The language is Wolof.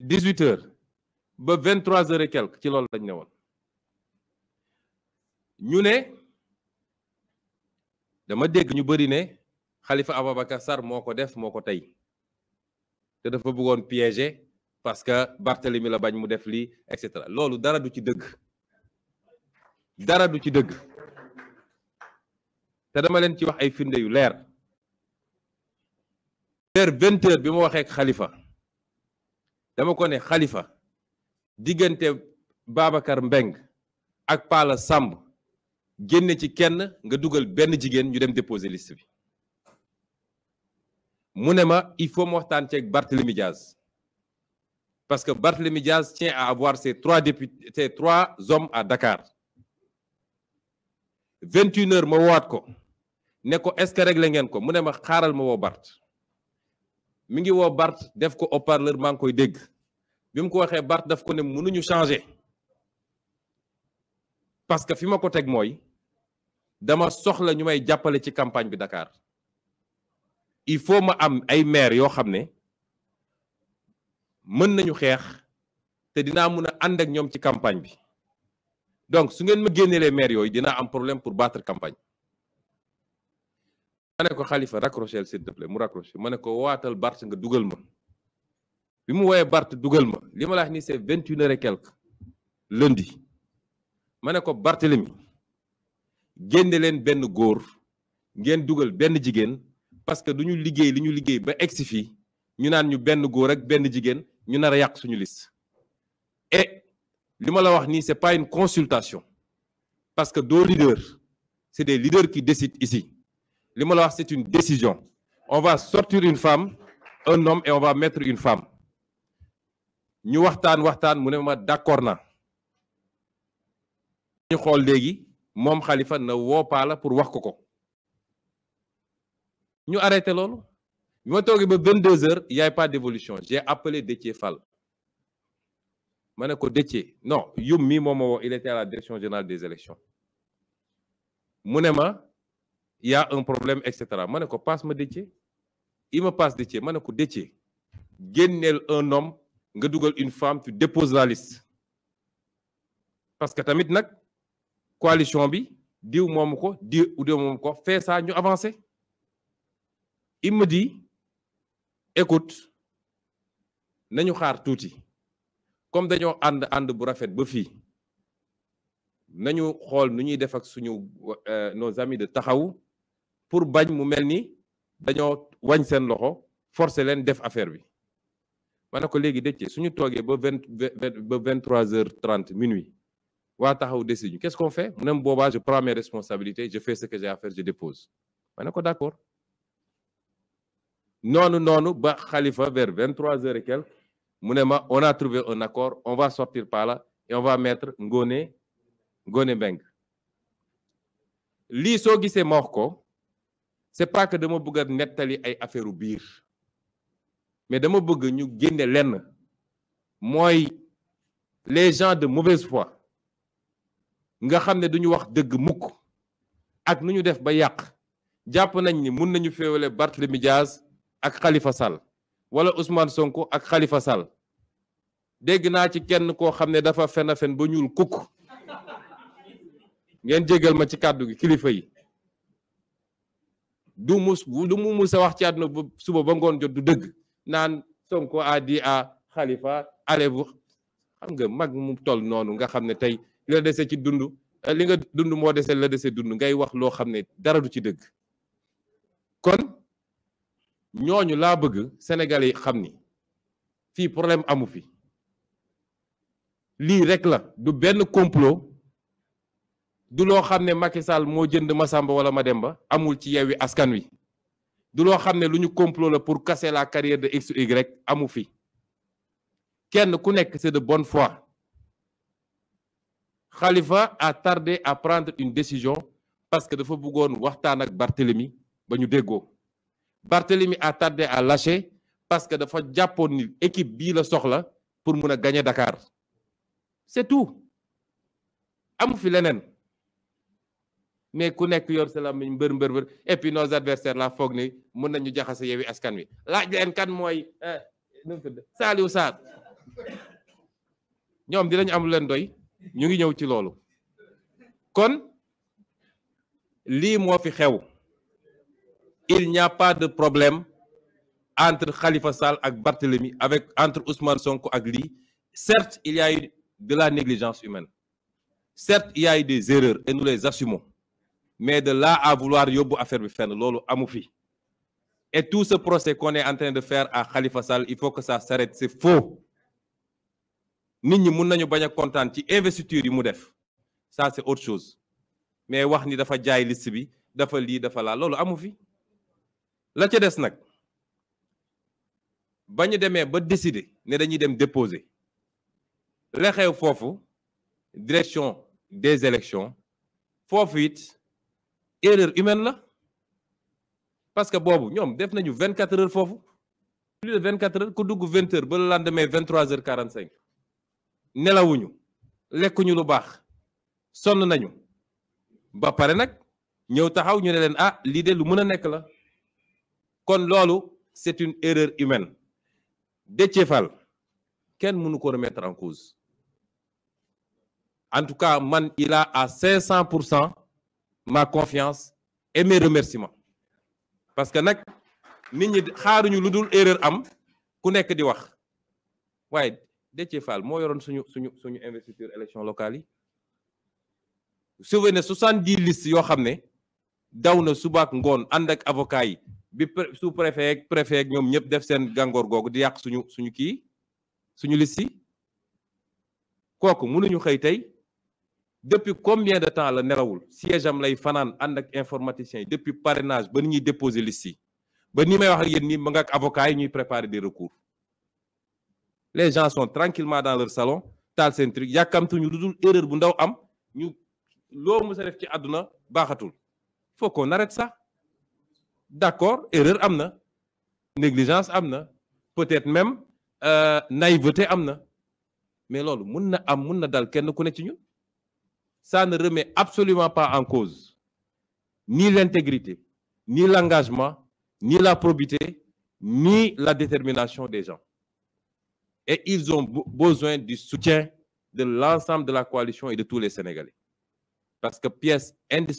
dix-huit heures ba vingt-trois heures ci loolu lañ ne woon ñu ne dama dégg ñu bëri ne Khalifa Ababacar Sarr moo ko def moo ko tey te dafa bëggoon piéger parce que Barthélemy la bañ mu def lii et cetera loolu dara du ci dëgg dara du ci dëgg te dama leen ci wax ay firnde yu leer vers vingt heures bi ma waxee ak dama ko ne Khalifa diggante Babacar Mbeng ak Pala Samb génne ci kenn nga dugal benn jigéen ñu dem déposer liste bi mu ne ma il faut mu waxtaan ceeg barte Barthélemy Diaz parce que Barthélemy Diaz tient à avoir ses trois députés ses trois hommes à Dakar vingt une ma woowaat ko ne ko est-ce que ngeen ko mu ne ma xaaral ma woo Barth mi ngi woo Bart def ko haut-parleur maa ngi koy dégg bi mu ko waxee Bart daf ko ne mënuñu changer parce que fi ma ko teg mooy dama soxla ñu may jàppale ci campagne bi Dakar il faut ma am ay maire yoo xam ne mën nañu xeex te dinaa mun a ànd ak ñoom ci campagne bi donc su ngeen ma génnelee maire yooyu dinaa am problème pour battre campagne. ma ne ko xalifa raccrochel s'il te plaît mu raccroché ma ne ko waatal Bart nga dugal ma bi mu woowee Bart dugal ma li ma la wax nii c'est vingt une heures et quelque ma ne ko Barthélemy génne leen benn góor ngeen dugal benn jigéen parce que du liggéey li ñu liggéey ba egsi fii ñu naan ñu benn góor ak benn jigéen ñu nar a yàq suñu lis et li ma la wax nii c'est pas une consultation parce que deux leaders c'est des leaders qui desit ici li ma la wax c'est une décision on va sortir une femme un homme et on va mettre une femme ñu waxtaan waxtaan mu ne ma d'accord na ñu xool léegi moom xalifa na woo Palla pour wax ko ko ñu arrêté loolu bi ma toogee ba 22 heures y pas d'évolution j'ai appelé Déthié Fall ma ne ko Déthié non yum mi moom ma woo il était à la direction générale des élections mu ne ma y a un problème et cetera ma ne ko passe ma Déthié ima passe Déthié ma ne ko Déthié génneel un homme nga dugal une femme tu déposes la liste parce que tamit nag coalition bi diw moom ko diw diw moomu ko fais ça ñu avancer il me écoute nañu xaar tuuti comme dañoo ànd ànd bu rafet ba fii nañu xool nu ñuy def ak suñu euh, nos amis de taxaw pour bañ mu mel ni dañoo wañ seen loxo forcer leen def affaire bi ma ne ko léegi dëcce suñu toogee ba vingt ba vingt trois minuit waa taxaw décision qu'est-ce qu'on fait mu ne boobaa je prends mes responsabilités je fais ce que j'ai à je dépose ma ne ko d'accord noonu noonu ba xalifa vers vingt trois heures et quelques mu ne ma on un accord on va sortir par là et on va mettre Ngoné Ngoné Mbengue lii soo gisee ma ko c'est pas que dama bëgg a nettali ay affaire biir mais dama bëgg ñu génne lenn mooy les gens de mauvaise foi nga xam ne duñu wax dëgg mukk ak nu ñu def ba yàq jàpp nañ ni mun nañu féewale Barthélemy Diaz ak Khalifa Sall wala Ousmane Sonko ak Khalifa Sall dégg naa ci kenn koo xam ne dafa fen fen ba ñuul kukk ngeen jégal ma ci kàddu gi kilifa yi du mus lu mu mus wax ci àdduna ba suba ba ngoon jot du dëgg naan Sonko a di à Khalifa allez vous xam nga mag mu toll noonu nga xam ne tey li la dese ci dund li nga dund moo dese la dese dund ngay wax loo xam ne dara du ci dëgg kon ñooñu laa bëgg Sénégalais xam ni fii problème amu fi lii rek la du benn complot du loo xam ne Macky moo jënd ma Massamba wala demba amul ci Yewwi Askan Wi du loo xam ne lu ñu complot la pour casser la carrière de X ou amu fi kenn ku nekk c'est de bonne foi Khalifa a tardé à prendre une décision parce que dafa bëggoon waxtaan ak Barthélemy ba ñu déggoo Barthélemy a tardé à lâcher parce que dafa jàppoon ni équipe bii la soxla pour mun a gagner Dakar c'est tout amu fi leneen mais ku nekk yor sa làmmiñ mbër mbër mbër et puis nos la foog ni mën nañu jaxase yewi askan wi laaj leen kan mooy euh, nu mu Saliou Sarr ñoom dinañ am leen doy ñu ngi ñëw ci loolu kon lii moo fi xew il n'y pas de problème entre xalifa Sall ak Barthélemy avec entre Ousmane Sonko ak lii certes il y de la négligence humaine certes il y des erreurs et nous les assumons mais de là à vouloir yóbbu affaire bi fenn loolu amu fi et tout ce procès qu'on est de faire à Khalifa Sall il faut que ça s'arrête c'est faux nit ñi mun nañu bañ a kontaan ci investiture yi mu def ça c'est autre chose mais wax ni dafa jaay liste bi dafa lii dafa laa loolu amu fi la ca des nag bañu demee ba décider ne dañuy dem déposer la xew foofu direction des élections foofu it erreur humaine la parce que boobu ñoom def nañu vingt quatre heures foofu plus de vingt quatre heures ku dugg vingt heures ba le lendemain vingt trois heures quarante cinq nelawuñu lekkuñu lu baax sonn nañu ba pare nag ñëw taxaw ñu ne leen ah lii lu mën a nekk la kon loolu c'est une erreur humaine Déthié kenn mënu ko remettre en cause en tout cas man il a à cinq cent pour cent ma confiance et mes parce que nag nit ñi xaaruñu lu dul erreur am ku nekk di wax waaye Déthié Fall moo yoroon suñu suñu suñu investiture élection locale yi souvenez soixante-dix listes yoo xam ne daw na subaak ngoon ànd ak avocat yi bi sous préfet ak préfet ñoom ñëpp def seen gàngoor googu di yàq suñu suñu kii suñu liste yi kooku mënuñu xëy tey depuis combien de temps la nelawul siège am lay fanaan ànd ak informaticien yi depuis parrainage ba ni ñuy déposé liste yi ba ni may wax ak yéen nii ma nga ak avocat yi ñuy préparer des recours les gens sont tranquillement dans leur salon taal seen truc yàkkamtuñu lu dul erreur bu ndaw am ñu loo mës a def ci àdduna baaxatul faut qu'on arrête ça d'accord erreur am na négligence am na peut-être même euh, naïveté am na mais loolu mun na am mun na dal kenn ku ne ci ñun ça ne remet absolument pas en cause ni l'intégrité, ni l'engagement, ni la probité, ni la détermination des gens. Et ils ont besoin du soutien de l'ensemble de la coalition et de tous les Sénégalais. Parce que pièce indispensable.